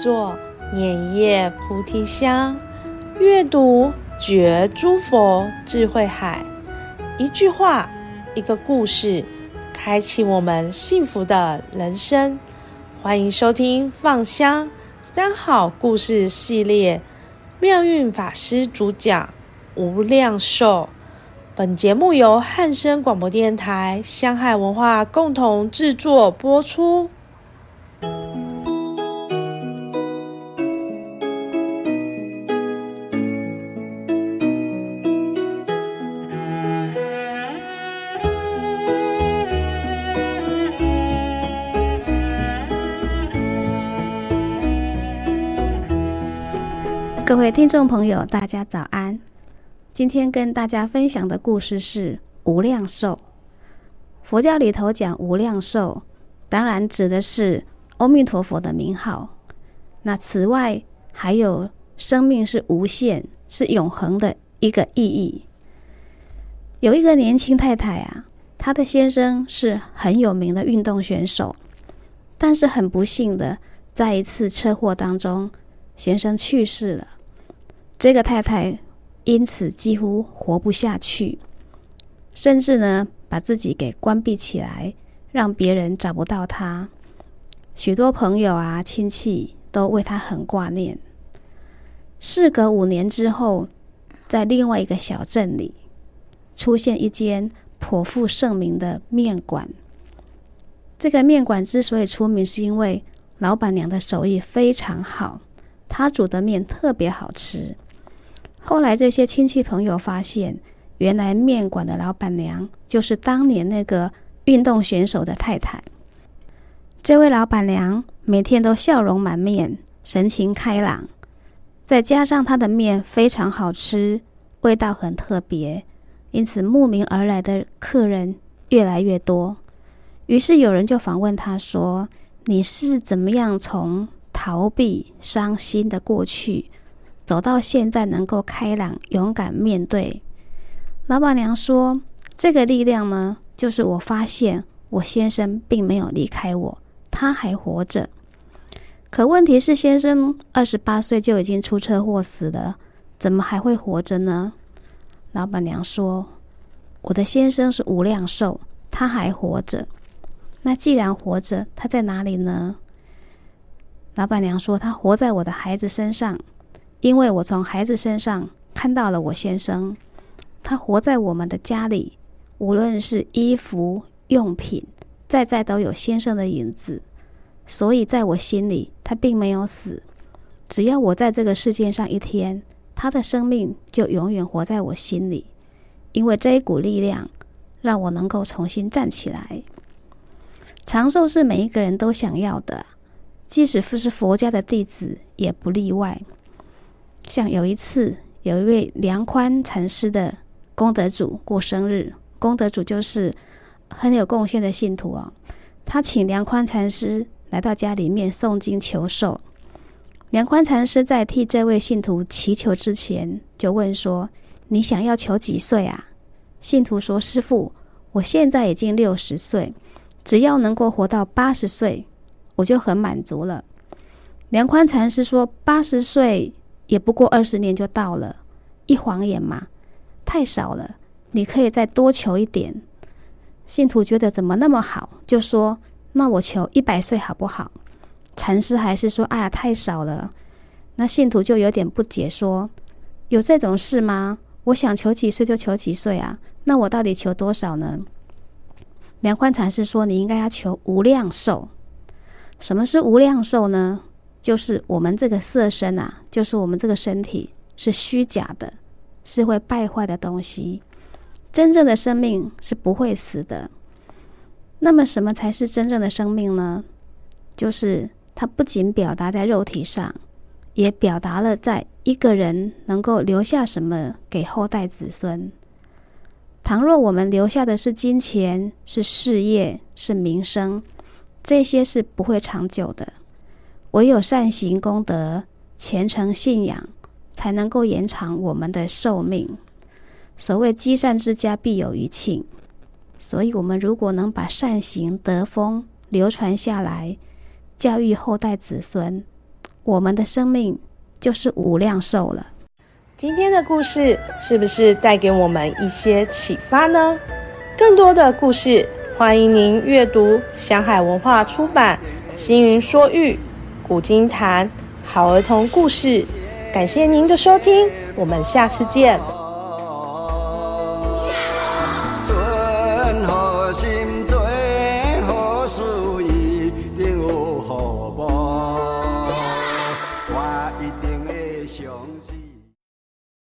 做碾葉菩提香，閱讀覺諸佛智慧海。一句話，一個故事，開啟我們幸福的人生。歡迎收聽《Fun 香三好故事》系列，妙運法師主講，無量壽。本節目由漢聲廣播電台、香海文化共同製作播出。各位聽眾朋友，大家早安。今天跟大家分享的故事是無量壽。佛教裡頭講無量壽，當然指的是阿彌陀佛的名號。那此外還有生命是無限、是永恆的一個意義。有一個年輕太太啊，她的先生是很有名的運動選手，但是很不幸的，在一次車禍當中，先生去世了。這個太太因此幾乎活不下去，甚至呢把自己給關閉起來，讓別人找不到她。許多朋友啊、親戚都為她很掛念。事隔五年之後，在另外一個小鎮裡出現一間頗負盛名的麵館。這個麵館之所以出名，是因為老闆娘的手藝非常好，她煮的麵特別好吃。後來，這些親戚朋友發現，原來麵館的老闆娘就是當年那個運動選手的太太。這位老闆娘每天都笑容滿面，神情開朗，再加上她的麵非常好吃，味道很特別，因此慕名而來的客人越來越多。於是有人就訪問她說：“你是怎麼樣從逃避傷心的過去？”走到現在，能夠開朗、勇敢面對。老板娘說：“這個力量呢，就是我發現我先生並沒有離開我，他還活着。可問題是，先生二十八歲就已經出車禍死了，怎麼還會活着呢？”老板娘說：“我的先生是無量壽，他還活着。那既然活着，他在哪裡呢？”老板娘說：“他活在我的孩子身上。”因為我從孩子身上看到了我先生，他活在我們的家裡，無論是衣服、用品，再再都有先生的影子，所以在我心裡他並沒有死。只要我在這個世界上一天，他的生命就永遠活在我心裡。因為這一股力量，讓我能夠重新站起來。長壽是每一個人都想要的，即使不是佛家的弟子，也不例外。像有一次，有一位梁寬禪師的功德主過生日，功德主就是很有貢獻的信徒啊、哦。他請梁寬禪師來到家裡面誦經求壽。梁寬禪師在替這位信徒祈求之前，就問說：“你想要求幾歲啊？”信徒說：“師父，我現在已經六十歲，只要能夠活到八十歲，我就很滿足了。”梁寬禪師說：“八十歲。”也不過二十年就到了，一晃眼嘛，太少了。你可以再多求一點。信徒覺得怎麼那麼好，就說：“那我求一百歲好不好？”禪師還是說：“哎呀，太少了。”那信徒就有點不解，說：“有這種事嗎？我想求幾歲就求幾歲啊，那我到底求多少呢？”良寬禪師說：“你應該要求無量壽。什麼是無量壽呢？”就是我們這個色身啊，就是我們這個身體是虛假的，是會敗壞的東西。真正的生命是不會死的。那麼什麼才是真正的生命呢？就是它不僅表達在肉體上，也表達了在一個人能夠留下什麼給後代子孫。倘若我們留下的是金錢，是事業，是名聲，這些是不會長久的。唯有善行功德，虔誠信仰，才能夠延長我們的壽命。所謂“積善之家，必有餘慶”，所以我們如果能把善行德風流傳下來，教育後代子孫，我們的生命就是無量壽了。今天的故事是不是帶給我們一些啟發呢？更多的故事，歡迎您閱讀香海文化出版《星雲說喻》。古今譚好兒童故事，感謝您的收聽，我們下次見。